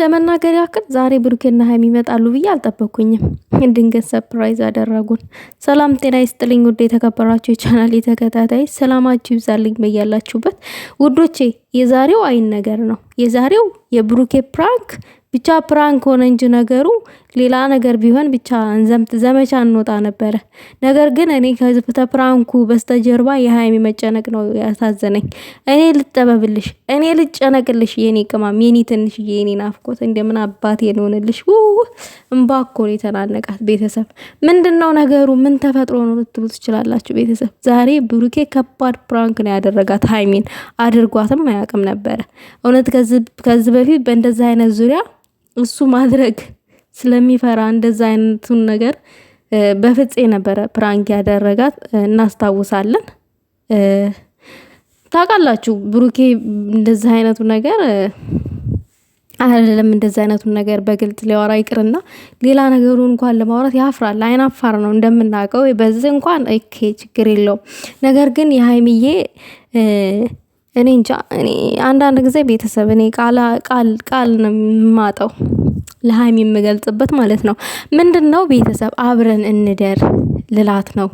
ለመናገር ያክል ዛሬ ብሩኬና ሀይሚ ይመጣሉ ብዬ አልጠበኩኝም። ድንገት ሰፕራይዝ አደረጉን። ሰላም ጤና ይስጥልኝ ውድ የተከበራችሁ የቻናል የተከታታይ ሰላማችሁ ይብዛልኝ በያላችሁበት ውዶቼ። የዛሬው አይን ነገር ነው። የዛሬው የብሩኬ ፕራንክ ብቻ ፕራንክ ሆነ እንጂ ነገሩ ሌላ ነገር ቢሆን ብቻ እንዘምት ዘመቻ እንወጣ ነበረ። ነገር ግን እኔ ከፕራንኩ በስተጀርባ የሀይሚ መጨነቅ ነው ያሳዘነኝ። እኔ ልጠበብልሽ፣ እኔ ልጨነቅልሽ፣ የኔ ቅማም፣ የኔ ትንሽዬ፣ የኔ ናፍቆት እንደምን አባቴ ልሆንልሽ። እምባ እኮ ነው የተናነቃት። ቤተሰብ ምንድን ነው ነገሩ? ምን ተፈጥሮ ነው ልትሉ ትችላላችሁ። ቤተሰብ ዛሬ ብሩኬ ከባድ ፕራንክ ነው ያደረጋት። ሀይሚን አድርጓትም አያውቅም ነበረ። እውነት ከዚህ በፊት በእንደዚህ አይነት ዙሪያ እሱ ማድረግ ስለሚፈራ እንደዛ አይነቱን ነገር በፍፄ ነበረ ፕራንክ ያደረጋት እናስታውሳለን። ታውቃላችሁ ብሩኬ እንደዚህ አይነቱ ነገር አይደለም እንደዚህ አይነቱን ነገር በግልጽ ሊያወራ ይቅርና ሌላ ነገሩ እንኳን ለማውራት ያፍራል። አይናፋር ነው እንደምናውቀው። በዚህ እንኳን ኦኬ ችግር የለውም። ነገር ግን የሀይሚዬ እኔ እንጃ እኔ አንዳንድ ጊዜ ቤተሰብ እኔ ቃል ቃል ነው ለሀይሚ የምገልጽበት ማለት ነው። ምንድን ነው ቤተሰብ አብረን እንደር ልላት ነው።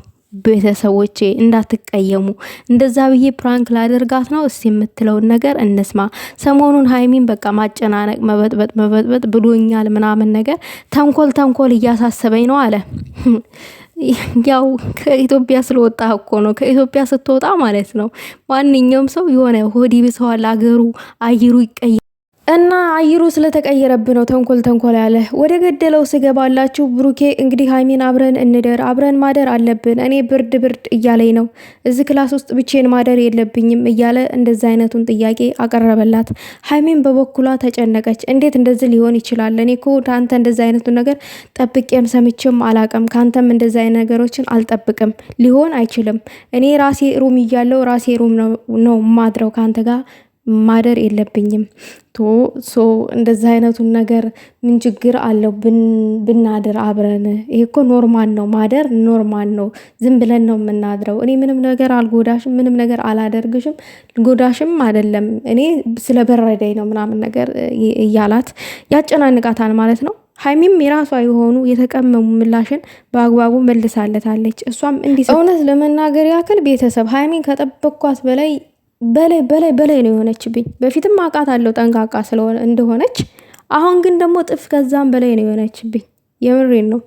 ቤተሰቦቼ እንዳትቀየሙ እንደዛ ብዬ ፕራንክ ላደርጋት ነው። እስቲ የምትለውን ነገር እንስማ። ሰሞኑን ሀይሚን በቃ ማጨናነቅ፣ መበጥበጥ መበጥበጥ ብሎኛል ምናምን ነገር ተንኮል ተንኮል እያሳሰበኝ ነው አለ ያው ከኢትዮጵያ ስለወጣ እኮ ነው። ከኢትዮጵያ ስትወጣ ማለት ነው ማንኛውም ሰው የሆነ ሆዲ ብሰዋል፣ አገሩ አየሩ ይቀያል። እና አየሩ ስለተቀየረብ ነው ተንኮል ተንኮል ያለ። ወደ ገደለው ስገባላችሁ ብሩኬ እንግዲህ ሀይሚን አብረን እንደር አብረን ማደር አለብን። እኔ ብርድ ብርድ እያለኝ ነው እዚህ ክላስ ውስጥ ብቼን ማደር የለብኝም እያለ እንደዚ አይነቱን ጥያቄ አቀረበላት። ሀይሚን በበኩሏ ተጨነቀች። እንዴት እንደዚህ ሊሆን ይችላል? እኔ እኮ ከአንተ እንደዚ አይነቱን ነገር ጠብቄም ሰምቼም አላቅም። ከአንተም እንደዚ አይነት ነገሮችን አልጠብቅም። ሊሆን አይችልም። እኔ ራሴ ሩም እያለው ራሴ ሩም ነው ማድረው ከአንተ ጋር ማደር የለብኝም። ቶ ሶ እንደዚህ አይነቱን ነገር ምን ችግር አለው ብናድር አብረን? ይሄ እኮ ኖርማል ነው ማደር ኖርማል ነው። ዝም ብለን ነው የምናድረው። እኔ ምንም ነገር አልጎዳሽም፣ ምንም ነገር አላደርግሽም፣ ጎዳሽም አይደለም እኔ ስለበረደኝ ነው ምናምን ነገር እያላት ያጨናንቃታል ማለት ነው። ሀይሚም የራሷ የሆኑ የተቀመሙ ምላሽን በአግባቡ መልሳለታለች። እሷም እንዲህ እውነት ለመናገር ያክል ቤተሰብ ሀይሚን ከጠበቅኳት በላይ በላይ በላይ በላይ ነው የሆነችብኝ። በፊትም አቃት አለው ጠንቃቃ ስለሆነ እንደሆነች፣ አሁን ግን ደግሞ ጥፍ ከዛም በላይ ነው የሆነችብኝ። የምሬን ነው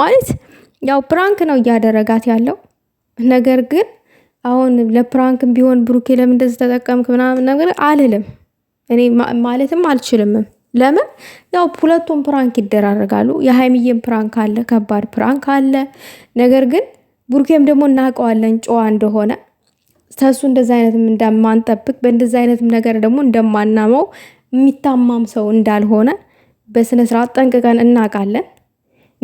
ማለት ያው ፕራንክ ነው እያደረጋት ያለው ነገር ግን አሁን ለፕራንክም ቢሆን ብሩኬ ለምን እንደዚህ ተጠቀምክ ምናምን ነገር አልልም እኔ ማለትም አልችልምም። ለምን ያው ሁለቱም ፕራንክ ይደራረጋሉ። የሀይሚዬም ፕራንክ አለ፣ ከባድ ፕራንክ አለ። ነገር ግን ብሩኬም ደግሞ እናውቀዋለን ጨዋ እንደሆነ ተሱ እንደዚ አይነትም እንደማንጠብቅ በእንደዚ አይነትም ነገር ደግሞ እንደማናመው የሚታማም ሰው እንዳልሆነ በስነ ስርዓት ጠንቅቀን እናውቃለን።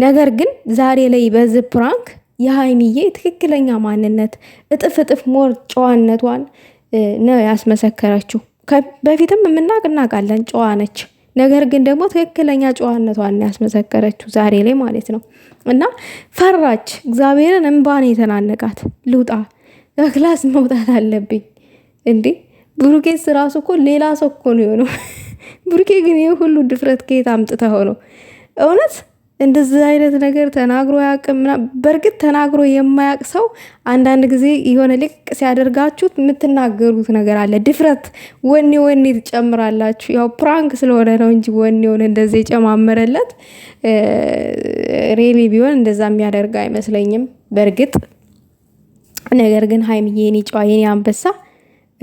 ነገር ግን ዛሬ ላይ በዚ ፕራንክ የሀይሚዬ ትክክለኛ ማንነት እጥፍ እጥፍ ሞር ጨዋነቷን ነው ያስመሰከረችው። በፊትም የምናቅ እናውቃለን ጨዋ ነች። ነገር ግን ደግሞ ትክክለኛ ጨዋነቷን ያስመሰከረችው ዛሬ ላይ ማለት ነው። እና ፈራች፣ እግዚአብሔርን እንባን የተናነቃት ልውጣ ከክላስ መውጣት አለብኝ እንዴ? ብሩኬስ ራሱ እኮ ሌላ ሰው እኮ ነው የሆነው። ብሩኬ ግን ይህ ሁሉ ድፍረት ከየት አምጥተ ሆነው? እውነት እንደዚህ አይነት ነገር ተናግሮ ያቅምና በእርግጥ ተናግሮ የማያቅ ሰው አንዳንድ ጊዜ የሆነ ልቅ ሲያደርጋችሁት የምትናገሩት ነገር አለ። ድፍረት ወኔ ወኔ ትጨምራላችሁ። ያው ፕራንክ ስለሆነ ነው እንጂ ወኔውን እንደዚ የጨማመረለት ሬሊ ቢሆን እንደዛ የሚያደርግ አይመስለኝም በእርግጥ ነገር ግን ሀይምዬ የኔ ጨዋ የኔ አንበሳ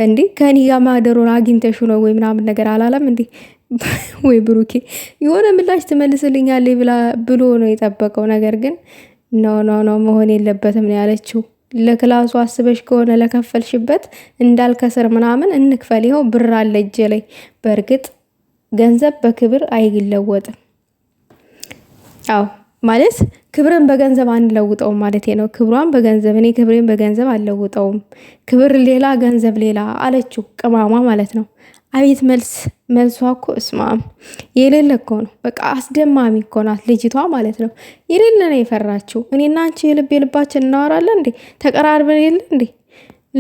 እንዴ ከኔ ጋር ማደሮን አግኝተሹ ነው ወይ ምናምን ነገር አላለም እንዴ ወይ ብሩኬ የሆነ ምላሽ ትመልስልኛለ ብላ ብሎ ነው የጠበቀው። ነገር ግን ኖ ኖ ኖ መሆን የለበትም ነው ያለችው። ለክላሱ አስበሽ ከሆነ ለከፈልሽበት እንዳልከስር ምናምን እንክፈል፣ ይኸው ብር አለ እጄ ላይ። በእርግጥ ገንዘብ በክብር አይለወጥም። አዎ ማለት ክብርን በገንዘብ አንለውጠውም ማለት ነው። ክብሯን በገንዘብ እኔ ክብሬን በገንዘብ አልለውጠውም፣ ክብር ሌላ ገንዘብ ሌላ አለችው ቅማሟ ማለት ነው። አቤት መልስ! መልሷ እኮ እስማ የሌለ እኮ ነው። በቃ አስደማሚ እኮ ናት ልጅቷ ማለት ነው። የሌለ ነው የፈራችው። እኔና አንቺ የልብ የልባችን እናወራለን እንዴ? ተቀራርበን የለ እንዴ?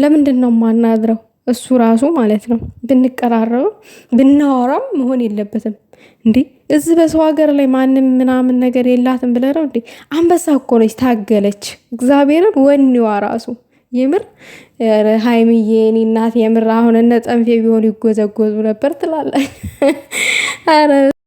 ለምንድን ነው ማናድረው? እሱ ራሱ ማለት ነው ብንቀራረብም ብናወራም መሆን የለበትም እንዴ። እዚህ በሰው ሀገር ላይ ማንም ምናምን ነገር የላትም ብለህ ነው እንዴ? አንበሳ እኮ ነች፣ ታገለች። እግዚአብሔርን ወኔዋ ራሱ የምር ሀይምዬ እኔ እናት የምር አሁን እነ ጠንፌ ይጎዘጎዙ ነበር ትላለች።